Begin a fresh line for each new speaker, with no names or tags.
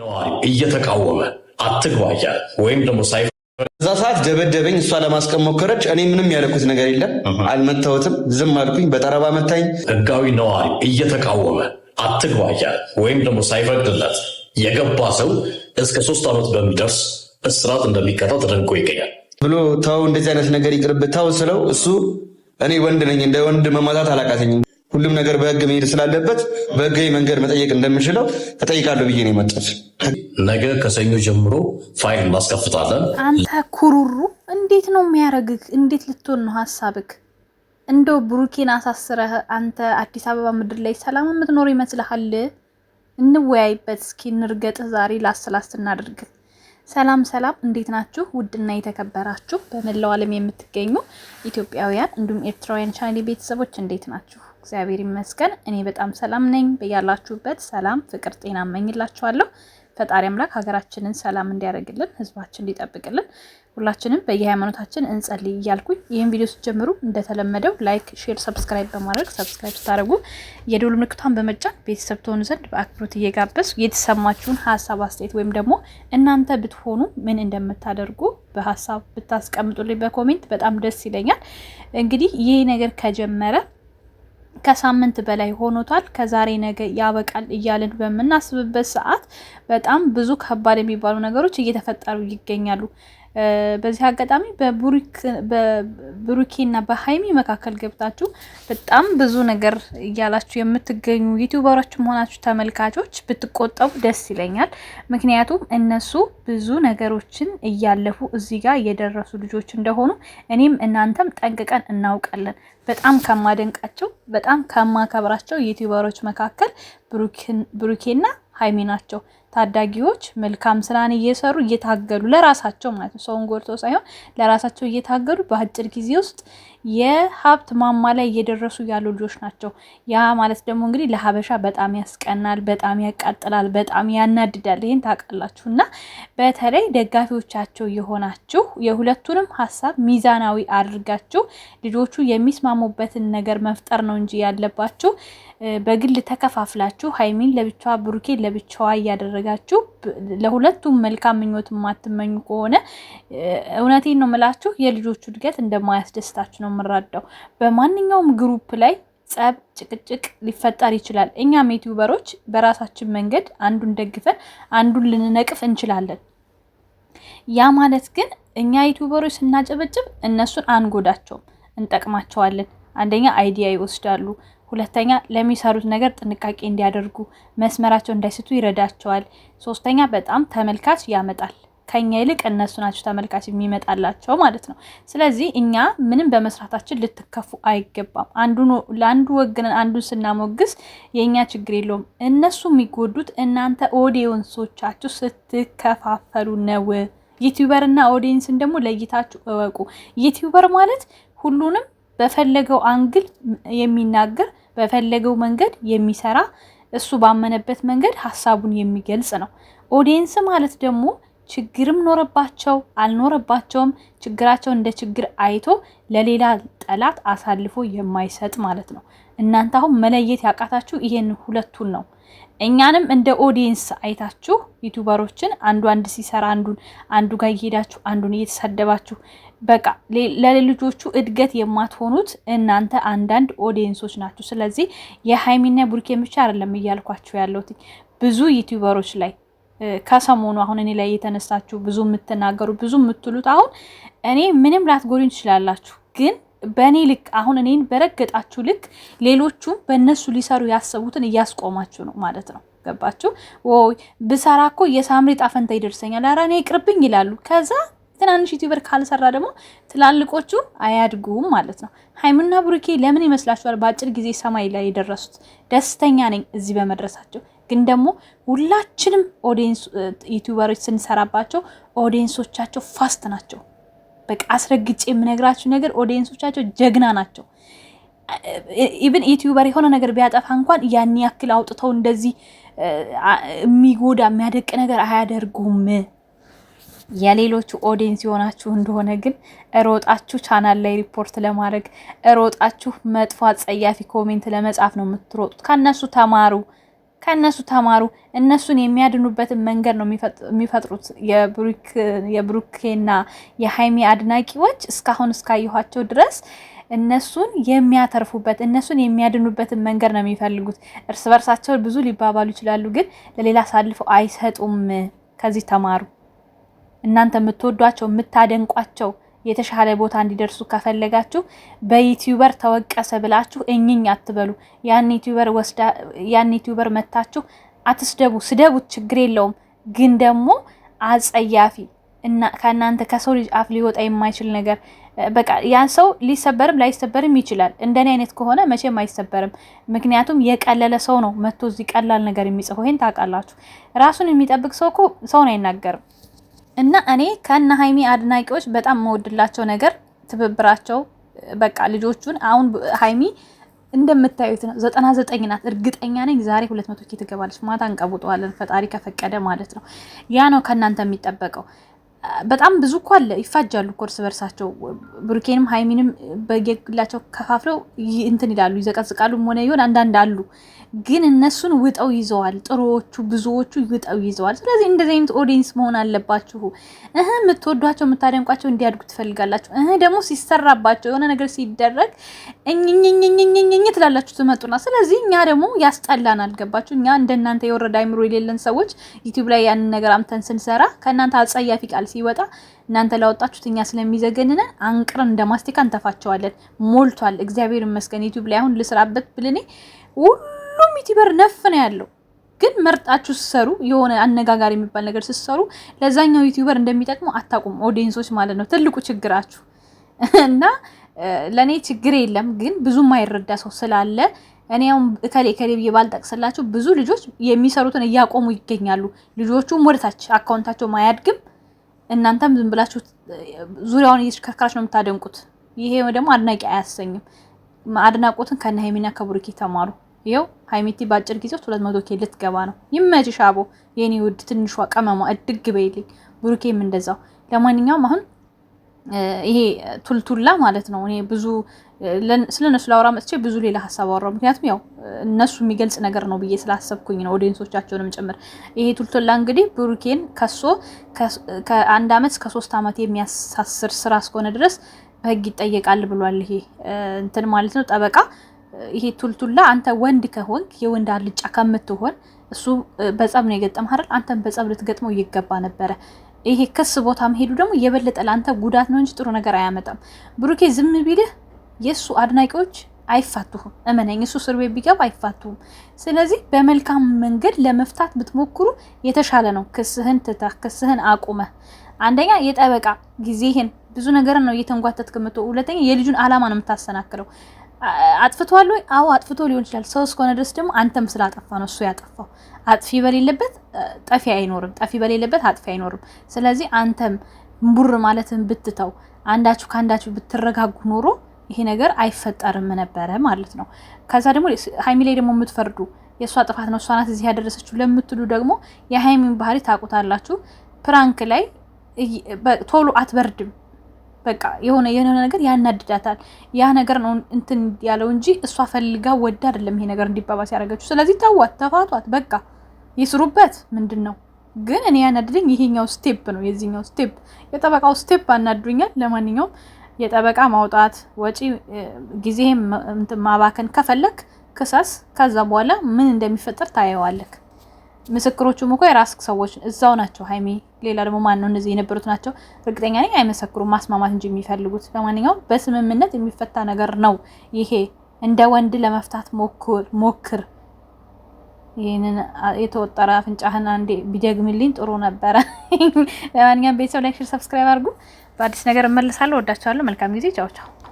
ነዋሪ እየተቃወመ አትግባያ ወይም ደግሞ ሳይ እዛ ሰዓት ደበደበኝ። እሷ ለማስቀም ሞከረች። እኔ ምንም ያለኩት ነገር የለም፣ አልመታወትም። ዝም አልኩኝ። በጠረባ መታኝ። ህጋዊ ነዋሪ እየተቃወመ አትግባ ወይም ደግሞ ሳይፈቅድለት የገባ ሰው እስከ ሶስት ዓመት በሚደርስ እስራት እንደሚቀጣ ተደንቆ ይገኛል ብሎ ተው፣ እንደዚህ አይነት ነገር ይቅርብ ተው ስለው እሱ እኔ
ወንድ ነኝ እንደ ወንድ መማታት አላቃተኝም ሁሉም ነገር በህግ መሄድ ስላለበት በህጋዊ መንገድ መጠየቅ እንደምንችለው ተጠይቃለሁ ብዬ ነው የመጣሁት። ነገ ከሰኞ ጀምሮ ፋይል እናስከፍታለን። አንተ ኩሩሩ እንዴት ነው የሚያደርግህ? እንዴት ልትሆን ነው ሀሳብክ? እንደው ብሩኬን አሳስረህ አንተ አዲስ አበባ ምድር ላይ ሰላም የምትኖር ይመስልሃል? እንወያይበት እስኪ፣ እንርገጥህ ዛሬ ላስላስ እናድርግህ። ሰላም ሰላም፣ እንዴት ናችሁ? ውድና የተከበራችሁ በመላው ዓለም የምትገኙ ኢትዮጵያውያን እንዲሁም ኤርትራውያን ቻናሌ ቤተሰቦች እንዴት ናችሁ? እግዚአብሔር ይመስገን እኔ በጣም ሰላም ነኝ። በያላችሁበት ሰላም፣ ፍቅር፣ ጤና እመኝላችኋለሁ። ፈጣሪ አምላክ ሀገራችንን ሰላም እንዲያደርግልን፣ ህዝባችን እንዲጠብቅልን ሁላችንም በየሃይማኖታችን እንጸልይ እያልኩኝ ይህን ቪዲዮ ስትጀምሩ እንደተለመደው ላይክ፣ ሼር፣ ሰብስክራይብ በማድረግ ሰብስክራይብ ስታደርጉ የደወል ምልክቷን በመጫን ቤተሰብ ትሆኑ ዘንድ በአክብሮት እየጋበዝ የተሰማችሁን ሀሳብ አስተያየት ወይም ደግሞ እናንተ ብትሆኑ ምን እንደምታደርጉ በሀሳብ ብታስቀምጡልኝ በኮሜንት በጣም ደስ ይለኛል። እንግዲህ ይህ ነገር ከጀመረ ከሳምንት በላይ ሆኖታል። ከዛሬ ነገ ያበቃል እያልን በምናስብበት ሰዓት በጣም ብዙ ከባድ የሚባሉ ነገሮች እየተፈጠሩ ይገኛሉ። በዚህ አጋጣሚ በብሩኬና በሀይሚ መካከል ገብታችሁ በጣም ብዙ ነገር እያላችሁ የምትገኙ ዩቲዩበሮች መሆናችሁ ተመልካቾች ብትቆጠቡ ደስ ይለኛል። ምክንያቱም እነሱ ብዙ ነገሮችን እያለፉ እዚህ ጋር የደረሱ ልጆች እንደሆኑ እኔም እናንተም ጠንቅቀን እናውቃለን። በጣም ከማደንቃቸው በጣም ከማከብራቸው ዩቲዩበሮች መካከል ብሩኬና ሀይሚ ናቸው። ታዳጊዎች መልካም ስራን እየሰሩ እየታገሉ ለራሳቸው ማለት ነው ሰውን ጎድተው ሳይሆን ለራሳቸው እየታገሉ በአጭር ጊዜ ውስጥ የሀብት ማማ ላይ እየደረሱ ያሉ ልጆች ናቸው። ያ ማለት ደግሞ እንግዲህ ለሀበሻ በጣም ያስቀናል፣ በጣም ያቃጥላል፣ በጣም ያናድዳል። ይህን ታውቃላችሁ። እና በተለይ ደጋፊዎቻቸው የሆናችሁ የሁለቱንም ሀሳብ ሚዛናዊ አድርጋችሁ ልጆቹ የሚስማሙበትን ነገር መፍጠር ነው እንጂ ያለባችሁ በግል ተከፋፍላችሁ ሀይሚን ለብቻዋ ብሩኬን ለብቻዋ እያደረገ ከፈለጋችሁ ለሁለቱም መልካም ምኞት የማትመኙ ከሆነ እውነቴን ነው የምላችሁ የልጆቹ እድገት እንደማያስደስታችሁ ነው የምረዳው በማንኛውም ግሩፕ ላይ ጸብ፣ ጭቅጭቅ ሊፈጠር ይችላል። እኛም ዩቲዩበሮች በራሳችን መንገድ አንዱን ደግፈን አንዱን ልንነቅፍ እንችላለን። ያ ማለት ግን እኛ ዩቲዩበሮች ስናጨበጭብ እነሱን አንጎዳቸውም፣ እንጠቅማቸዋለን። አንደኛ አይዲያ ይወስዳሉ፣ ሁለተኛ ለሚሰሩት ነገር ጥንቃቄ እንዲያደርጉ መስመራቸው እንዳይስቱ ይረዳቸዋል። ሶስተኛ በጣም ተመልካች ያመጣል። ከኛ ይልቅ እነሱ ናቸው ተመልካች የሚመጣላቸው ማለት ነው። ስለዚህ እኛ ምንም በመስራታችን ልትከፉ አይገባም። አንዱ ለአንዱ ወግነን አንዱን ስናሞግስ የእኛ ችግር የለውም። እነሱ የሚጎዱት እናንተ ኦዲየንሶቻችሁ ስትከፋፈሉ ነው። ዩቲዩበር እና ኦዲየንስን ደግሞ ለይታችሁ እወቁ። ዩቲዩበር ማለት ሁሉንም በፈለገው አንግል የሚናገር በፈለገው መንገድ የሚሰራ እሱ ባመነበት መንገድ ሀሳቡን የሚገልጽ ነው። ኦዲየንስ ማለት ደግሞ ችግርም ኖረባቸው አልኖረባቸውም ችግራቸው እንደ ችግር አይቶ ለሌላ ጠላት አሳልፎ የማይሰጥ ማለት ነው። እናንተ አሁን መለየት ያቃታችሁ ይሄን ሁለቱን ነው። እኛንም እንደ ኦዲየንስ አይታችሁ ዩቱበሮችን አንዱ አንድ ሲሰራ አንዱን አንዱ ጋር እየሄዳችሁ አንዱን እየተሰደባችሁ በቃ ለልጆቹ እድገት የማትሆኑት እናንተ አንዳንድ ኦዲየንሶች ናችሁ። ስለዚህ የሀይሚና ቡርኬ ብቻ አይደለም እያልኳችሁ ያለሁት ብዙ ዩቱበሮች ላይ ከሰሞኑ አሁን እኔ ላይ የተነሳችሁ ብዙ የምትናገሩ ብዙ የምትሉት አሁን እኔ ምንም ላትጎዱኝ ትችላላችሁ ግን በእኔ ልክ አሁን እኔን በረገጣችሁ ልክ ሌሎቹም በእነሱ ሊሰሩ ያሰቡትን እያስቆማችሁ ነው ማለት ነው። ገባችሁ? ብሰራ እኮ የሳምሪ ጣፈንታ ይደርሰኛል፣ ኧረ እኔ ይቅርብኝ ይላሉ። ከዛ ትናንሽ ዩቲዩበር ካልሰራ ደግሞ ትላልቆቹ አያድጉም ማለት ነው። ሀይሙና ብሩኬ ለምን ይመስላችኋል በአጭር ጊዜ ሰማይ ላይ የደረሱት? ደስተኛ ነኝ እዚህ በመድረሳቸው። ግን ደግሞ ሁላችንም ኦዲየንስ ዩቲዩበሮች ስንሰራባቸው ኦዲንሶቻቸው ፋስት ናቸው። በቃ አስረግጬ የምነግራችሁ ነገር ኦዲየንሶቻቸው ጀግና ናቸው። ኢቭን ዩቲዩበር የሆነ ነገር ቢያጠፋ እንኳን ያን ያክል አውጥተው እንደዚህ የሚጎዳ የሚያደቅ ነገር አያደርጉም። የሌሎቹ ኦዲየንስ የሆናችሁ እንደሆነ ግን እሮጣችሁ ቻናል ላይ ሪፖርት ለማድረግ እሮጣችሁ መጥፎ አጸያፊ ኮሜንት ለመጻፍ ነው የምትሮጡት። ከነሱ ተማሩ። ከእነሱ ተማሩ። እነሱን የሚያድኑበትን መንገድ ነው የሚፈጥሩት። የብሩኬና የሀይሚ አድናቂዎች እስካሁን እስካየኋቸው ድረስ እነሱን የሚያተርፉበት እነሱን የሚያድኑበትን መንገድ ነው የሚፈልጉት። እርስ በርሳቸው ብዙ ሊባባሉ ይችላሉ፣ ግን ለሌላ አሳልፈው አይሰጡም። ከዚህ ተማሩ። እናንተ የምትወዷቸው የምታደንቋቸው የተሻለ ቦታ እንዲደርሱ ከፈለጋችሁ በዩቲዩበር ተወቀሰ ብላችሁ እኝኝ አትበሉ። ያን ዩቲዩበር ወስዳ ያን ዩቲዩበር መታችሁ አትስደቡ። ስደቡት፣ ችግር የለውም ግን ደግሞ አጸያፊ እና ከእናንተ ከሰው ልጅ አፍ ሊወጣ የማይችል ነገር በቃ ያን ሰው ሊሰበርም ላይሰበርም ይችላል። እንደኔ አይነት ከሆነ መቼም አይሰበርም። ምክንያቱም የቀለለ ሰው ነው መጥቶ እዚህ ቀላል ነገር የሚጽፈው። ይሄን ታውቃላችሁ። ራሱን የሚጠብቅ ሰው እኮ ሰውን አይናገርም። እና እኔ ከነ ሀይሚ አድናቂዎች በጣም መወድላቸው ነገር ትብብራቸው በቃ ልጆቹን አሁን ሀይሚ እንደምታዩት ነው። ዘጠና ዘጠኝ ናት እርግጠኛ ነኝ። ዛሬ ሁለት መቶ ኬ ትገባለች። ማታ እንቀውጠዋለን ፈጣሪ ከፈቀደ ማለት ነው። ያ ነው ከእናንተ የሚጠበቀው። በጣም ብዙ እኮ አለ። ይፋጃሉ እኮ እርስ በርሳቸው ብሩኬንም ሀይሚንም በጌግላቸው ከፋፍለው እንትን ይላሉ፣ ይዘቀዝቃሉ። ሆነ ይሆን አንዳንድ አሉ፣ ግን እነሱን ውጠው ይዘዋል። ጥሩዎቹ ብዙዎቹ ውጠው ይዘዋል። ስለዚህ እንደዚህ አይነት ኦዲየንስ መሆን አለባችሁ። እህ የምትወዷቸው የምታደንቋቸው እንዲያድጉ ትፈልጋላችሁ። እህ ደግሞ ሲሰራባቸው የሆነ ነገር ሲደረግ እኝኝኝኝኝኝ ትላላችሁ ትመጡና፣ ስለዚህ እኛ ደግሞ ያስጠላን አልገባችሁ። እኛ እንደናንተ የወረደ አይምሮ የሌለን ሰዎች ዩቲዩብ ላይ ያንን ነገር አምተን ስንሰራ ከእናንተ አጸያፊ ቃል ሲወጣ እናንተ ላወጣችሁት እኛ ስለሚዘገንን አንቅረን እንደ ማስቲካ እንተፋቸዋለን። ሞልቷል፣ እግዚአብሔር ይመስገን። ዩቲዩብ ላይ አሁን ልስራበት ብልኔ ሁሉም ዩቲበር ነፍ ነው ያለው። ግን መርጣችሁ ስሰሩ የሆነ አነጋጋሪ የሚባል ነገር ስሰሩ ለዛኛው ዩቲበር እንደሚጠቅሙ አታውቁም፣ ኦዲየንሶች ማለት ነው ትልቁ ችግራችሁ እና ለእኔ ችግር የለም ግን ብዙ ማይረዳ ሰው ስላለ እኔ ያው እከሌ እከሌ ብዬ ባልጠቅስላቸው ብዙ ልጆች የሚሰሩትን እያቆሙ ይገኛሉ። ልጆቹም ወደታች አካውንታቸው አያድግም። እናንተም ዝም ብላችሁ ዙሪያውን እየተሽከርካራችሁ ነው የምታደንቁት። ይሄ ደግሞ አድናቂ አያሰኝም። አድናቆትን ከነ ሀይሚና ከቡሩኬ ተማሩ። ይኸው ሀይሚቲ በአጭር ጊዜ ውስጥ ሁለት መቶ ኬ ልትገባ ነው። ይመችሽ አቦ የኔ ውድ ትንሿ ቀመሟ እድግ በይልኝ። ቡሩኬም እንደዛው። ለማንኛውም አሁን ይሄ ቱልቱላ ማለት ነው። እኔ ብዙ ስለ እነሱ ላውራ መጥቼ ብዙ ሌላ ሀሳብ አወራው። ምክንያቱም ያው እነሱ የሚገልጽ ነገር ነው ብዬ ስላሰብኩኝ ነው፣ ኦዲየንሶቻቸውንም ጭምር። ይሄ ቱልቱላ እንግዲህ ብሩኬን ከሶ ከአንድ አመት እስከ ሶስት አመት የሚያሳስር ስራ እስከሆነ ድረስ በህግ ይጠየቃል ብሏል። ይሄ እንትን ማለት ነው ጠበቃ። ይሄ ቱልቱላ አንተ ወንድ ከሆንክ የወንድ አልጫ ከምትሆን እሱ በጸብ ነው የገጠመህ አይደል? አንተም በጸብ ልትገጥመው ይገባ ነበረ። ይሄ ክስ ቦታ መሄዱ ደግሞ የበለጠ ለአንተ ጉዳት ነው እንጂ ጥሩ ነገር አያመጣም። ብሩኬ ዝም ቢልህ የእሱ አድናቂዎች አይፋቱሁም። እመነኝ፣ እሱ እስር ቤት ቢገባ አይፋቱህም። ስለዚህ በመልካም መንገድ ለመፍታት ብትሞክሩ የተሻለ ነው። ክስህን ትተህ ክስህን አቁመህ አንደኛ የጠበቃ ጊዜህን ብዙ ነገርን ነው እየተንጓተት ከምቶ፣ ሁለተኛ የልጁን አላማ ነው የምታሰናክለው። አጥፍቷል ወይ? አዎ አጥፍቶ ሊሆን ይችላል። ሰው እስከሆነ ድረስ ደግሞ አንተም ስላጠፋ ነው እሱ ያጠፋው። አጥፊ በሌለበት ጠፊ አይኖርም፣ ጠፊ በሌለበት አጥፊ አይኖርም። ስለዚህ አንተም ምቡር ማለትም ብትተው፣ አንዳችሁ ከአንዳችሁ ብትረጋጉ ኖሮ ይሄ ነገር አይፈጠርም ነበረ ማለት ነው። ከዛ ደግሞ ሀይሚ ላይ ደግሞ የምትፈርዱ የእሷ ጥፋት ነው እሷ ናት እዚህ ያደረሰችው ለምትሉ ደግሞ የሀይሚን ባህሪ ታውቁታላችሁ። ፕራንክ ላይ ቶሎ አትበርድም በቃ የሆነ የሆነ ነገር ያናድዳታል። ያ ነገር ነው እንትን ያለው እንጂ እሷ ፈልጋ ወዳ አይደለም ይሄ ነገር እንዲባባስ ያደረገችው። ስለዚህ ተዋት፣ ተፋቷት፣ በቃ ይስሩበት። ምንድን ነው ግን እኔ ያናድደኝ ይሄኛው ስቴፕ ነው የዚህኛው ስቴፕ የጠበቃው ስቴፕ አናዱኛል። ለማንኛውም የጠበቃ ማውጣት ወጪ ጊዜህም ማባከን ከፈለክ ክሰስ። ከዛ በኋላ ምን እንደሚፈጠር ታየዋለክ። ምስክሮቹም እኮ የራስክ ሰዎች እዛው ናቸው። ሀይሚ ሌላ ደግሞ ማን ነው? እነዚህ የነበሩት ናቸው። እርግጠኛ ነኝ አይመሰክሩም፣ ማስማማት እንጂ የሚፈልጉት። ለማንኛውም በስምምነት የሚፈታ ነገር ነው ይሄ። እንደ ወንድ ለመፍታት ሞክር። ይህንን የተወጠረ አፍንጫህን አንዴ ቢደግምልኝ ጥሩ ነበረ። ለማንኛውም ቤተሰብ ላይክ፣ ሰብስክራይብ አድርጉ። በአዲስ ነገር እመልሳለሁ። ወዳቸዋለሁ። መልካም ጊዜ። ቻው ቻው።